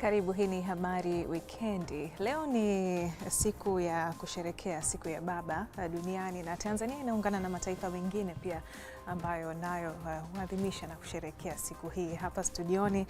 Karibu, hii ni Habari Wikendi. Leo ni siku ya kusherekea siku ya baba uh, duniani na Tanzania inaungana na mataifa mengine pia ambayo nayo uh, huadhimisha uh, na kusherekea siku hii. Hapa studioni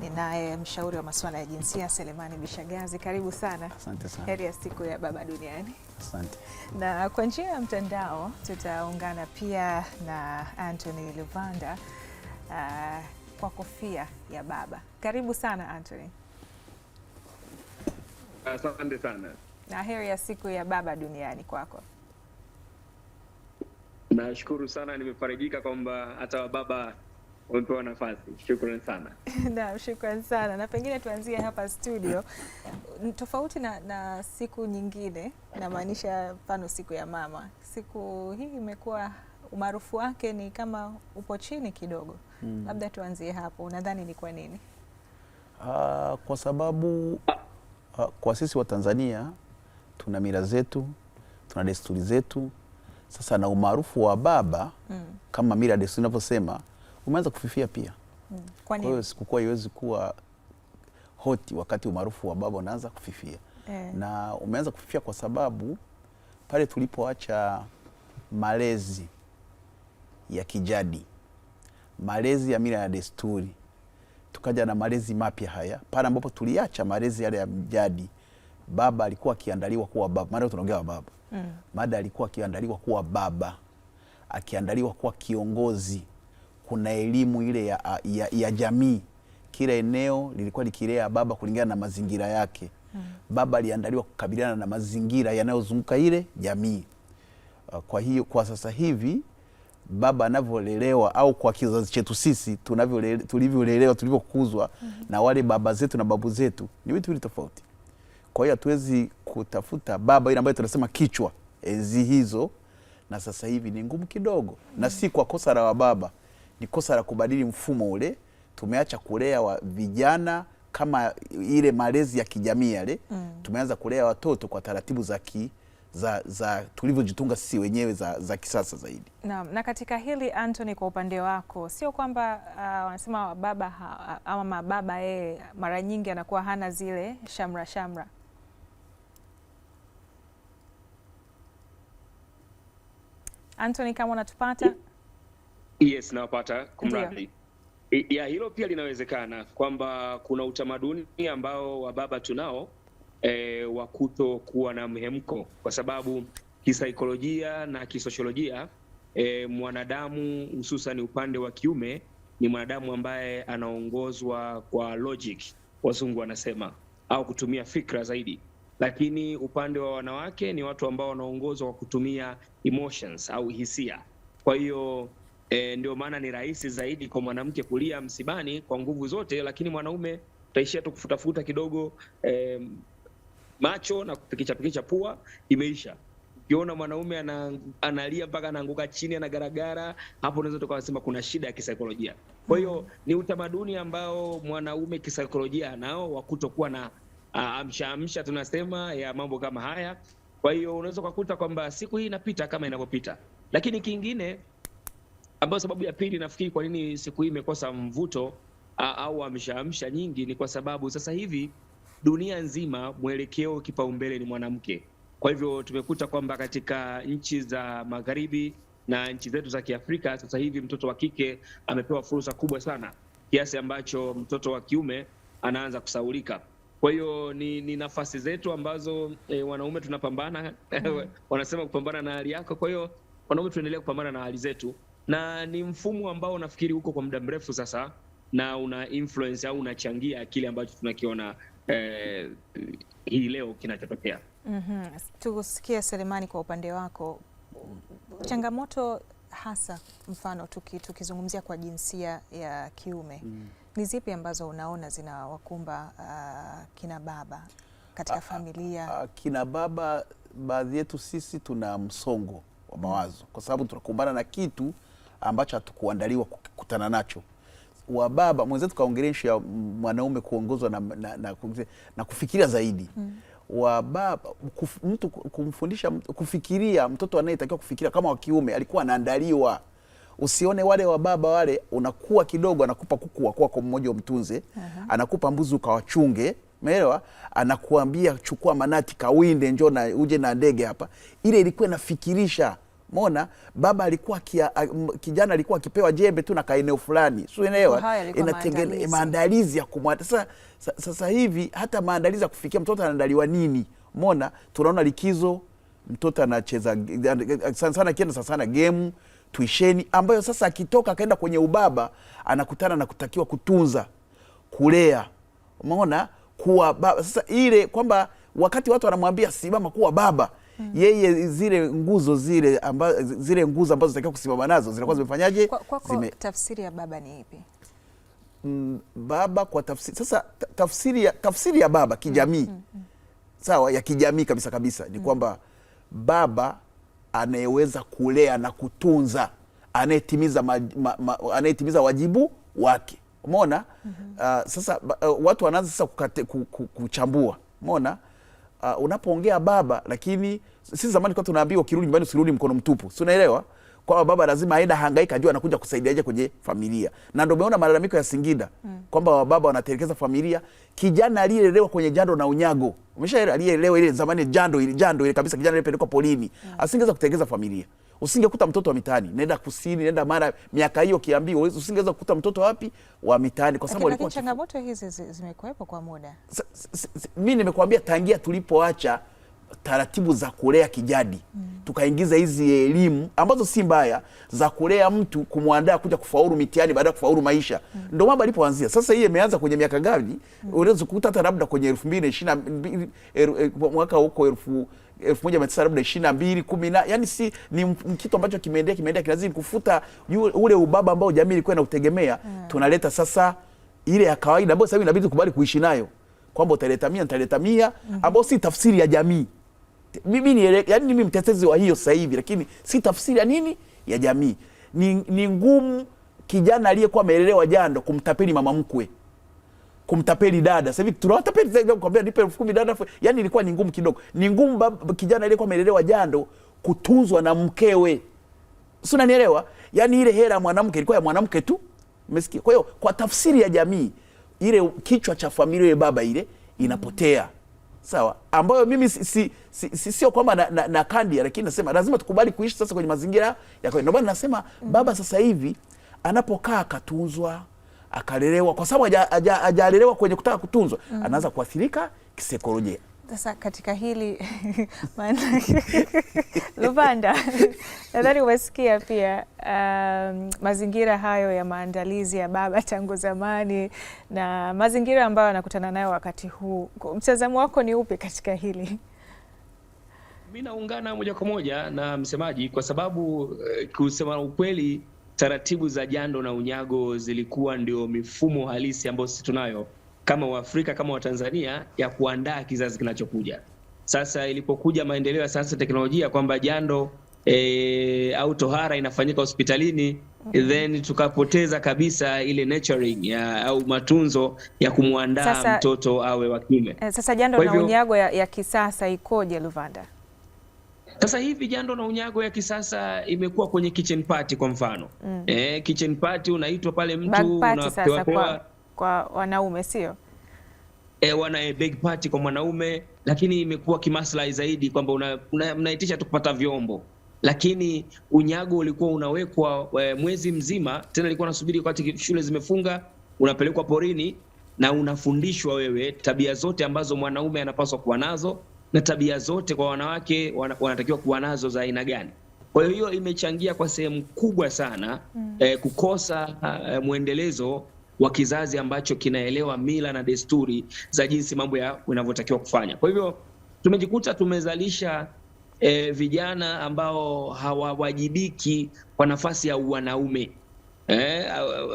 ninaye mshauri wa masuala ya jinsia Selemani Bishagazi, karibu sana. Asante sana. Heri ya siku ya baba duniani. Asante. Na kwa njia ya mtandao tutaungana pia na Anthony Luvanda uh, kwa kofia ya baba. Karibu sana Anthony. Asante sana na heri ya siku ya baba duniani kwako. Nashukuru sana, nimefarijika kwamba hata wababa wamepewa nafasi. Shukrani sana naam, shukrani sana na pengine tuanzie hapa studio, tofauti na, na siku nyingine, namaanisha mfano siku ya mama. Siku hii imekuwa umaarufu wake ni kama upo chini kidogo mm. Labda tuanzie hapo, unadhani ni kwa nini? Aa, ah, kwa sababu ah. Ah, kwa sisi Watanzania tuna mila zetu, tuna desturi zetu. Sasa na umaarufu wa baba mm. kama mila desturi inavyosema umeanza kufifia pia mm. kwa hiyo sikukuu haiwezi kuwa hoti wakati umaarufu wa baba unaanza kufifia yeah. na umeanza kufifia kwa sababu pale tulipoacha malezi ya kijadi, malezi ya mila ya desturi tukaja na malezi mapya haya pale ambapo tuliacha malezi yale ya mjadi Baba alikuwa akiandaliwa kuwa baba, maana tunaongea baba mm. Mada alikuwa akiandaliwa kuwa baba, akiandaliwa kuwa kiongozi. Kuna elimu ile ya, ya, ya jamii. Kila eneo lilikuwa likilea baba kulingana na mazingira yake mm. Baba aliandaliwa kukabiliana na mazingira yanayozunguka ile jamii. Kwa hiyo kwa sasa hivi baba anavyolelewa au kwa kizazi chetu sisi tulivyolelewa tulivyokuzwa mm -hmm. na wale baba zetu na babu zetu ni vitu vili tofauti. Kwa hiyo hatuwezi kutafuta baba ile ambayo tunasema kichwa enzi hizo na sasa hivi ni ngumu kidogo mm -hmm. na si kwa kosa la wababa, ni kosa la kubadili mfumo ule. Tumeacha kulea wa vijana kama ile malezi ya kijamii yale mm -hmm. tumeanza kulea watoto kwa taratibu za ki za, za tulivyojitunga sisi wenyewe za, za kisasa zaidi. Na, na katika hili Anthony, kwa upande wako sio kwamba uh, wanasema uh, baba ha, ama mababa yeye mara nyingi anakuwa hana zile shamra shamra Anthony, kama unatupata? Yes, nawapata. Kumradhi ya hilo pia linawezekana kwamba kuna utamaduni ambao wa baba tunao e, wa kuwa na mhemko, kwa sababu kisaikolojia na kisosiolojia e, mwanadamu hususan upande wa kiume ni mwanadamu ambaye anaongozwa kwa logic, wazungu wanasema, au kutumia fikra zaidi, lakini upande wa wanawake ni watu ambao wanaongozwa kwa kutumia emotions au hisia. Kwa hiyo e, ndio maana ni rahisi zaidi kwa mwanamke kulia msibani kwa nguvu zote, lakini mwanaume utaishia tu kufutafuta kidogo e, macho na pikicha pua, imeisha. Ukiona mwanaume analia mpaka anaanguka chini, anagaragara, hapo unaweza tukawasema kuna shida ya kisaikolojia. Kwa hiyo ni utamaduni ambao mwanaume kisaikolojia anao wa kutokuwa na amsha amshaamsha tunasema ya mambo kama haya. Kwa hiyo unaweza ukakuta kwamba siku hii inapita kama inavyopita, lakini kingine ambayo sababu ya pili nafikiri kwa nini siku hii imekosa mvuto au au amshaamsha nyingi ni kwa sababu sasa hivi dunia nzima mwelekeo kipaumbele ni mwanamke. Kwa hivyo tumekuta kwamba katika nchi za magharibi na nchi zetu za Kiafrika sasa hivi mtoto wa kike amepewa fursa kubwa sana kiasi ambacho mtoto wa kiume anaanza kusaulika. Kwa hiyo ni, ni nafasi zetu ambazo e, wanaume tunapambana mm. wanasema kupambana na hali yako. Kwa hiyo wanaume tuendelea kupambana na hali zetu, na ni mfumo ambao nafikiri uko kwa muda mrefu sasa, na una influence au unachangia kile ambacho tunakiona eh, hii leo kinachotokea. mm -hmm. Tusikie Selemani, kwa upande wako changamoto hasa mfano tuki, tukizungumzia kwa jinsia ya kiume mm. ni zipi ambazo unaona zinawakumba uh, kina baba katika a, familia a, a, kina baba? Baadhi yetu sisi tuna msongo wa mawazo kwa sababu tunakumbana na kitu ambacho hatukuandaliwa kukutana nacho wa baba mwenzetu kaongelea ya mwanaume kuongozwa na, na, na, na kufikiria zaidi mm. wa baba kuf, mtu kumfundisha kufikiria, mtoto anayetakiwa kufikiria kama wa kiume alikuwa anaandaliwa. Usione wale wa baba wale, unakuwa kidogo, anakupa kuku wa kwako mmoja umtunze, uh -huh. anakupa mbuzi ukawachunge Umeelewa? Anakuambia chukua manati kawinde, njoo na uje na ndege hapa. Ile ilikuwa inafikirisha Mona baba alikuwa kia, kijana alikuwa akipewa jembe tu na kaeneo fulani, si unaelewa, inatengeneza maandalizi ya kumwata. Sasa sasa hivi hata maandalizi ya kufikia mtoto anaandaliwa nini? Mona tunaona likizo, mtoto anacheza sana sana, kienda sana sana game tuisheni, ambayo sasa akitoka akaenda kwenye ubaba anakutana na kutakiwa kutunza, kulea, umeona kuwa baba. Sasa ile kwamba wakati watu wanamwambia simama kuwa baba Mm. yeye zile nguzo zile amba, zile nguzo ambazo zinatakiwa kusimama nazo zinakuwa zimefanyaje? kwa, kwa zime... tafsiri ya baba ni ipi? Mm, baba kwa tafsiri sasa, tafsiri ya, tafsiri ya baba kijamii mm. mm. mm. sawa, ya kijamii kabisa kabisa ni mm. kwamba baba anayeweza kulea na kutunza, anayetimiza anayetimiza wajibu wake, umeona? mm -hmm. Uh, sasa uh, watu wanaanza sasa kukate, kuchambua, umeona uh, unapoongea baba, lakini sisi zamani kwa tunaambiwa kirudi nyumbani usirudi mkono mtupu, si unaelewa kwamba baba lazima aenda hangaika ajue anakuja kusaidiaje kwenye familia, na ndio umeona malalamiko ya Singida mm, kwamba wababa wanatelekeza familia. Kijana aliyelelewa kwenye jando na unyago, umeshaelewa, aliyelelewa ile zamani jando ile jando ile kabisa, kijana aliyepelekwa polini mm, asingeweza kutelekeza familia. Usingekuta mtoto wa mitaani, nenda kusini, nenda Mara. Miaka hiyo kiambiwa, usingeweza kukuta mtoto wapi wa mitaani, kwa sababu walikuwa changamoto hizi zimekuwepo kwa muda. Mimi nimekuambia tangia tulipoacha taratibu za kulea kijadi mm. tukaingiza hizi elimu ambazo si mbaya za kulea mtu kumwandaa kuja kufaulu mitihani baada ya kufaulu maisha mm. ndio mambo alipoanzia. Sasa hii imeanza kwenye miaka gani? mm. unaweza kukuta hata labda kwenye elfu mbili na ishirini er, er, mwaka huko elfu elfu moja mia tisa labda ishirini na mbili kumi na yani, si ni kitu ambacho kimeendea kimeendea kinazidi kufuta ule ubaba ambao jamii ilikuwa inautegemea mm. tunaleta sasa ile ya kawaida ambayo sasa inabidi tukubali kuishi nayo kwamba utaleta mia nitaleta mia mm -hmm. ambayo si tafsiri ya jamii mimi ni yani mimi mtetezi wa hiyo sasa hivi, lakini si tafsiri ya nini ya jamii. Ni, ni ngumu kijana aliyekuwa amelelewa jando kumtapeli mama mkwe mm kumtapeli dada. Sasa hivi tunawatapeli zaidi, kumwambia nipe elfu kumi dada, yani ilikuwa ni ngumu kidogo. Ni ngumu kijana aliyekuwa amelelewa jando kutunzwa na mkewe, si unanielewa? Yani ile hela ya mwanamke ilikuwa ya mwanamke tu, umesikia? Kwa hiyo kwa tafsiri ya jamii ile kichwa cha familia ile baba ile inapotea, sawa, ambayo mimi si, si, si, si, sio kwamba na, na, na kandi lakini nasema lazima tukubali kuishi sasa kwenye mazingira ya kwa. Ndio maana nasema baba sasa hivi anapokaa akatunzwa akalelewa, kwa sababu hajalelewa kwenye kutaka kutunzwa mm. anaweza kuathirika kisaikolojia. Sasa katika hili maana Lupanda, nadhani umesikia pia um, mazingira hayo ya maandalizi ya baba tangu zamani na mazingira ambayo anakutana nayo wakati huu, mtazamo wako ni upi katika hili? Mi naungana moja kwa moja na msemaji kwa sababu eh, kusema ukweli taratibu za jando na unyago zilikuwa ndio mifumo halisi ambayo sisi tunayo kama Waafrika kama Watanzania ya kuandaa kizazi kinachokuja. Sasa ilipokuja maendeleo ya sayansi teknolojia kwamba jando e, au tohara inafanyika hospitalini then tukapoteza kabisa ile nurturing ya, au matunzo ya kumwandaa mtoto awe wa kime. Eh, sasa jando na unyago ya, ya kisasa ikoje Luvanda? Sasa hivi jando na unyago ya kisasa imekuwa kwenye kitchen party kwa mfano mm. Eh, kitchen party unaitwa pale mtu unapewa kwa, kwa wanaume sio eh, wana big party kwa mwanaume, lakini imekuwa kimaslahi zaidi kwamba mnaitisha una, una tu kupata vyombo, lakini unyago ulikuwa unawekwa e, mwezi mzima, tena ilikuwa nasubiri wakati shule zimefunga, unapelekwa porini na unafundishwa wewe tabia zote ambazo mwanaume anapaswa kuwa nazo na tabia zote kwa wanawake wanatakiwa kuwa nazo za aina gani. Kwa hiyo hiyo imechangia kwa sehemu kubwa sana mm. eh, kukosa eh, mwendelezo wa kizazi ambacho kinaelewa mila na desturi za jinsi mambo yanavyotakiwa kufanya. Kwa hivyo tumejikuta tumezalisha eh, vijana ambao hawawajibiki kwa nafasi ya wanaume. Eh,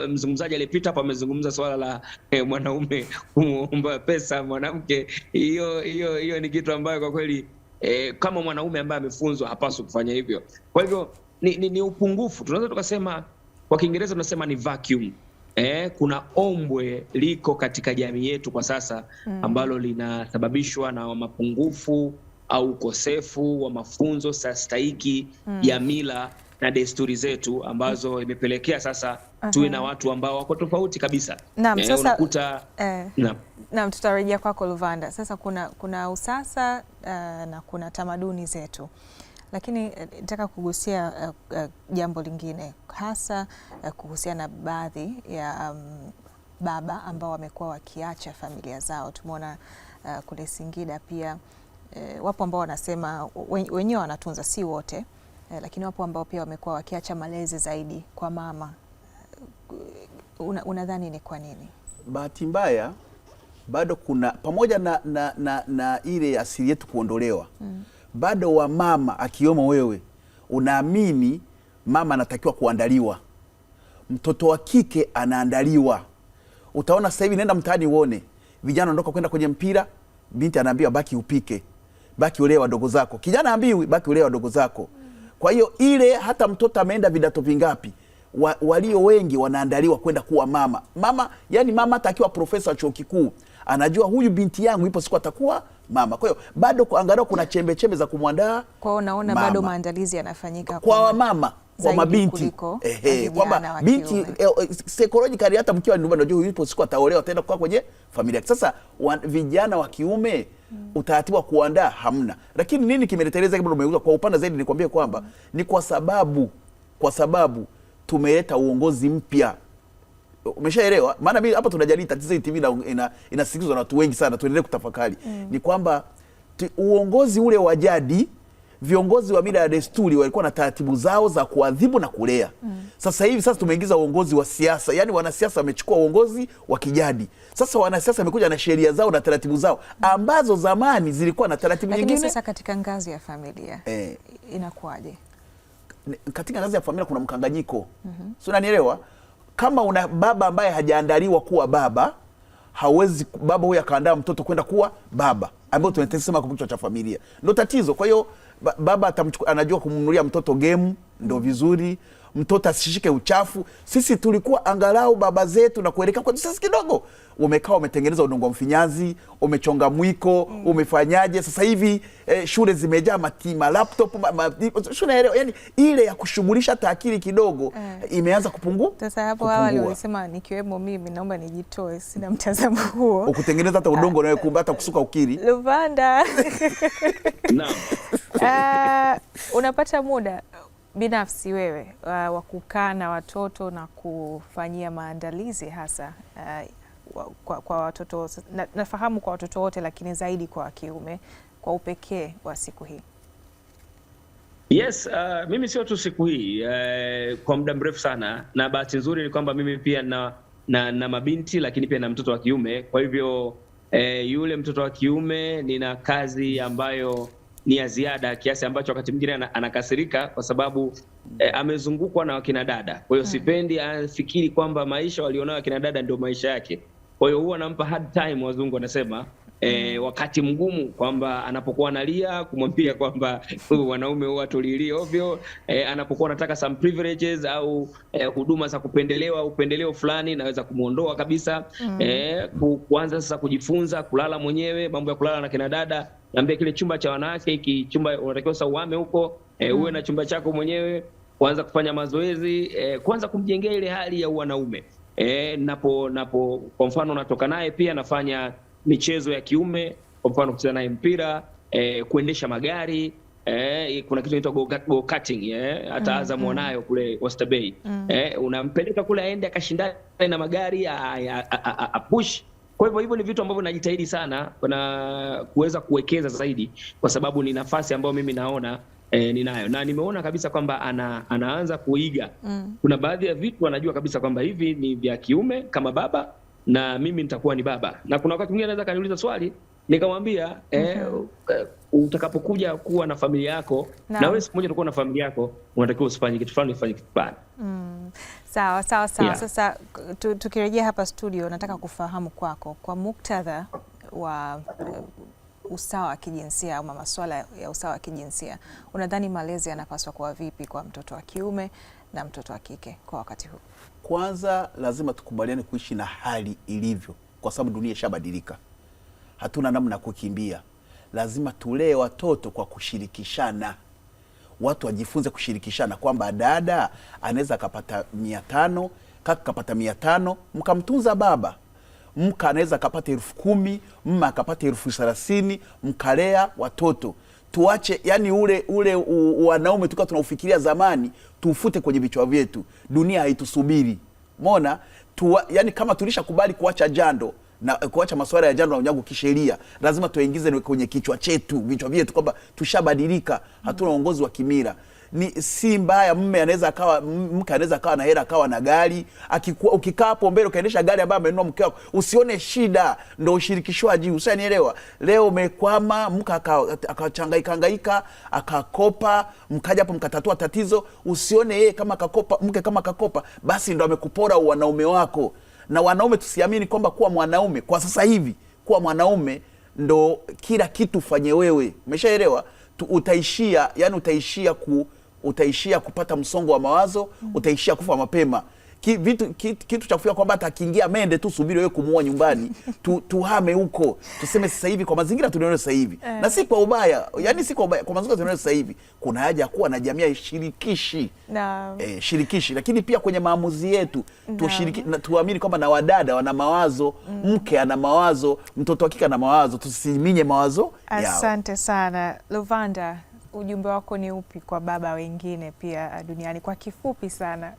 mzungumzaji aliyepita hapo amezungumza swala la eh, mwanaume kumuomba pesa mwanamke. Hiyo hiyo hiyo ni kitu ambayo kwa kweli eh, kama mwanaume ambaye amefunzwa hapaswi kufanya hivyo. Kwa hivyo ni, ni, ni upungufu, tunaweza tukasema kwa Kiingereza tunasema ni vacuum. Eh, kuna ombwe liko katika jamii yetu kwa sasa hmm. ambalo linasababishwa na mapungufu au ukosefu wa mafunzo stahiki mm. ya mila na desturi zetu ambazo imepelekea sasa tuwe na watu ambao wako tofauti kabisa. Naam, eh, sasa unakuta eh, naam, naam, tutarejea kwako Luvanda. Sasa kuna kuna usasa uh, na kuna tamaduni zetu lakini eh, nataka kugusia uh, uh, jambo lingine hasa uh, kuhusiana na baadhi ya um, baba ambao wamekuwa wakiacha familia zao. Tumeona uh, kule Singida pia uh, wapo ambao wanasema wenyewe wanatunza, si wote eh, lakini wapo ambao pia wamekuwa wakiacha malezi zaidi kwa mama. Unadhani una ni kwa nini? Bahati mbaya bado kuna pamoja na, na, na, na ile asili yetu kuondolewa mm. Bado mama akiwemo wewe unaamini mama anatakiwa kuandaliwa, mtoto wa kike anaandaliwa. Utaona sasa hivi, nenda mtaani uone vijana wanatoka kwenda kwenye mpira, binti anaambiwa baki upike, baki ulee wadogo zako. Kijana ambiwi baki ulee wadogo zako. Kwa hiyo ile hata mtoto ameenda vidato vingapi wa, walio wengi wanaandaliwa kwenda kuwa mama mama, yani mama hata akiwa profesa wa chuo kikuu anajua huyu binti yangu ipo siku atakuwa mama. Kwa hiyo bado angalau kuna chembechembe za kumwandaa kwao, naona bado maandalizi yanafanyika kwa, wamama mama kwa mabinti eh, kwamba oh, binti psychologically hata mkiwa nyumbani unajua huyu ipo siku ataolewa tena kwa kwenye familia. Sasa wa, vijana wa kiume mm. utaratibu wa kuandaa hamna, lakini nini kimeleteleza kama umeuza kwa upana zaidi, nikwambie kwamba mm. ni kwa sababu kwa sababu tumeleta uongozi mpya umeshaelewa maana mimi hapa tunajadili tatizo hili TV na ina, inasikizwa na watu wengi sana, tuendelee kutafakari mm. ni kwamba uongozi ule wa jadi viongozi wa mila ya desturi walikuwa na taratibu zao za kuadhibu na kulea mm. Sasa hivi sasa tumeingiza uongozi wa siasa, yani wanasiasa wamechukua uongozi wa kijadi. Sasa wanasiasa wamekuja na sheria zao na taratibu zao ambazo zamani zilikuwa na taratibu nyingine. Sasa katika ngazi ya familia eh, inakuwaje? Katika ngazi ya familia kuna mkanganyiko mm -hmm. Sio, unanielewa? Kama una baba ambaye hajaandaliwa kuwa baba hawezi baba huyo akaandaa mtoto kwenda kuwa baba, ambayo tunatesema kwa kichwa cha familia ndio tatizo. Kwa hiyo baba baba anajua kumnunulia mtoto gemu ndo vizuri, mtoto asishike uchafu. Sisi tulikuwa angalau baba zetu na kuelekea kwetu sasa kidogo, umekaa umetengeneza udongo mfinyazi, umechonga mwiko mm. Umefanyaje sasa hivi eh, shule zimejaa matima laptop ma, ma, shule elewa, yani ile ya kushughulisha taakili kidogo eh, imeanza kupungu. Sasa hapo awali ulisema nikiwemo mimi, naomba nijitoe, sina mtazamo huo, ukutengeneza hata udongo ah, nawekumba hata kusuka ukiri Luvanda Uh, unapata muda binafsi wewe uh, wa kukaa na watoto na kufanyia maandalizi hasa uh, kwa, kwa watoto na, nafahamu kwa watoto wote lakini zaidi kwa wakiume kwa upekee wa siku hii? Yes, uh, mimi sio tu siku hii uh, kwa muda mrefu sana, na bahati nzuri ni kwamba mimi pia na, na, na mabinti lakini pia na mtoto wa kiume. Kwa hivyo uh, yule mtoto wa kiume nina kazi ambayo ni ya ziada kiasi ambacho wakati mwingine anakasirika kwa sababu eh, amezungukwa na wakina dada. Kwa hiyo hmm. sipendi afikiri kwamba maisha walionao wakina dada ndio maisha yake. Kwa hiyo huwa anampa hard time, wazungu wanasema e, wakati mgumu kwamba anapokuwa analia kumwambia kwamba wanaume huwa tulilie ovyo e, anapokuwa anataka some privileges au e, huduma za kupendelewa upendeleo fulani naweza kumwondoa kabisa mm. E, kuanza sasa kujifunza kulala mwenyewe, mambo ya kulala na kina dada, naambia kile chumba cha wanawake hiki chumba unatakiwa sasa uame huko e, uwe na chumba chako mwenyewe, kuanza kufanya mazoezi e, kuanza kumjengea ile hali ya wanaume e, napo napo, kwa mfano natoka naye pia nafanya michezo ya kiume, kwa mfano kucheza naye mpira e, kuendesha magari e, kuna kitu inaitwa go karting eh, hata mm, mm. wanayo mm, kule Oyster Bay mm. Eh, unampeleka kule aende akashindane na magari push kwa hivyo hivyo ni vitu ambavyo najitahidi sana na kuweza kuwekeza zaidi, kwa sababu ni nafasi ambayo mimi naona e, ninayo na nimeona kabisa kwamba ana, anaanza kuiga mm. Kuna baadhi ya vitu anajua kabisa kwamba hivi ni vya kiume kama baba na mimi nitakuwa ni baba. Na kuna wakati mwingine anaweza kaniuliza swali nikamwambia eh, mm -hmm. utakapokuja kuwa na familia yako na, na wewe siku moja utakuwa na familia yako, unatakiwa usifanye kitu fulani, ufanye kitu fulani. mm. Sawa sawa sawa yeah. Sasa tukirejea hapa studio, nataka kufahamu kwako kwa muktadha wa uh, usawa wa kijinsia ama masuala ya usawa wa kijinsia, unadhani malezi yanapaswa kuwa vipi kwa mtoto wa kiume na mtoto wa kike kwa wakati huu? kwanza lazima tukubaliane kuishi na hali ilivyo, kwa sababu dunia ishabadilika, hatuna namna ya kukimbia. Lazima tulee watoto kwa kushirikishana, watu wajifunze kushirikishana, kwamba dada anaweza akapata mia tano kaka kapata mia tano mkamtunza baba mka anaweza akapata elfu kumi mma akapata elfu thelathini mkalea watoto tuache yani ule ule wanaume tukawa tunaufikiria zamani, tufute kwenye vichwa vyetu. Dunia haitusubiri mona tuwa, yani kama tulishakubali kuacha jando na eh, kuacha masuala ya jando na unyago kisheria, lazima tuingize kwenye kichwa chetu, vichwa vyetu kwamba tushabadilika, hatuna uongozi wa kimira ni si mbaya. Mme anaweza akawa mke anaweza akawa na hela akawa na gari, ukikaa hapo mbele ukaendesha gari ambayo amenunua mke wako, usione shida. Ndo ushirikishwaji, usanielewa. Leo umekwama, mke akachangaikangaika akakopa, mkaja hapo mkatatua tatizo, usione yeye kama kakopa, mke kama kakopa, basi ndo amekupora wanaume wako. Na wanaume tusiamini kwamba kuwa mwanaume kwa sasa hivi kuwa mwanaume ndo kila kitu fanye wewe, umeshaelewa? Utaishia yani, utaishia ku utaishia kupata msongo wa mawazo mm. Utaishia kufa mapema ki, vitu, ki, kitu cha kufia kwamba atakiingia mende tu, subiri wewe kumuoa nyumbani tu, tuhame huko tuseme, sasa hivi kwa mazingira tunayo sasa hivi eh. Na si kwa ubaya, yani si kwa ubaya, kwa mazingira tunayo sasa hivi kuna haja kuwa na jamii shirikishi na. E, eh, shirikishi lakini pia kwenye maamuzi yetu tushiriki, tuamini kwamba na wadada wana mawazo mm. Mke ana mawazo, mtoto wa kike ana mawazo, tusiminye mawazo. Asante yao sana Luvanda ujumbe wako ni upi kwa baba wengine pia ah, duniani kwa kifupi sana?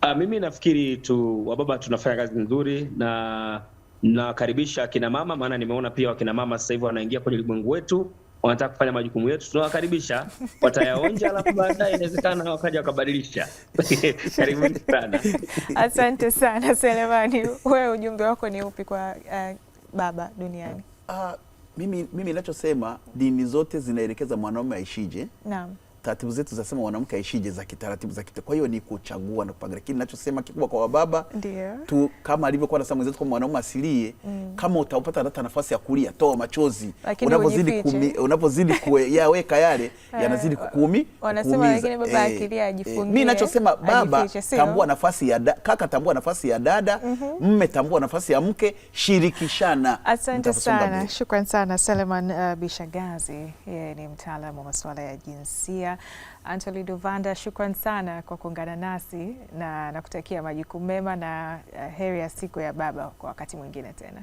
A, ah, mimi nafikiri tu wababa tunafanya kazi nzuri na nawakaribisha akina mama, maana nimeona pia wakina mama sasa hivi wanaingia kwenye ulimwengu wetu, wanataka kufanya majukumu yetu, tunawakaribisha. Watayaonja alafu baadaye inawezekana wakaja wakabadilisha. Karibuni sana. Asante sana Selemani, wewe ujumbe wako ni upi kwa uh, baba duniani? Uh, mimi, mimi nachosema dini zote zinaelekeza mwanaume aishije. Naam taratibu zetu zinasema mwanamke aishije za kitaratibu za kita. Kwa hiyo ni kuchagua na kupanga, lakini ninachosema kikubwa kwa wababa tu kama alivyokuwa anasema mwenzetu kwa mwanaume asilie mm. kama utapata hata nafasi ya kulia, toa machozi unapozidi kumi, unapozidi kuyaweka yale eh, yanazidi kukumi wanasema, lakini baba eh, akilia eh. ajifungie. Mimi ninachosema baba, tambua nafasi ya kaka, tambua nafasi ya dada, mhm. mme tambua nafasi ya mke, shirikishana. Asante sana, shukrani sana Seleman uh, Bishagazi, yeye ni mtaalamu wa masuala ya jinsia Kenya Anthony Duvanda, shukran sana kwa kuungana nasi na nakutakia majukumu mema na eh, heri ya siku ya baba kwa wakati mwingine tena.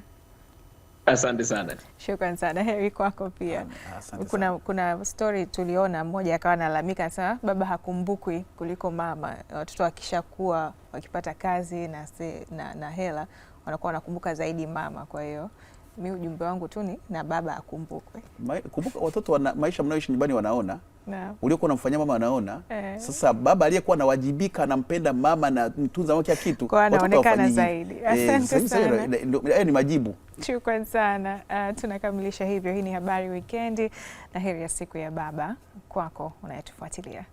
Asante sana. Shukran sana, heri kwako pia. Asante. Kuna, kuna stori tuliona mmoja akawa analalamika sana baba hakumbukwi kuliko mama. Watoto wakishakuwa wakipata kazi na, se, na, na hela wanakuwa wanakumbuka zaidi mama, kwa hiyo mi ujumbe wangu tu ni na baba akumbukwe. Kumbuka watoto wana, maisha mnayoishi nyumbani wanaona no. Uliokuwa unamfanyia mama wanaona e. Eh. Sasa baba aliyekuwa anawajibika anampenda mama na mtunza wake kitu kwa anaonekana zaidi. Eh, Asante sana. Yaani ni majibu. Shukrani sana. Uh, tunakamilisha hivyo. Hii ni habari wikendi na heri ya siku ya baba kwako unayetufuatilia.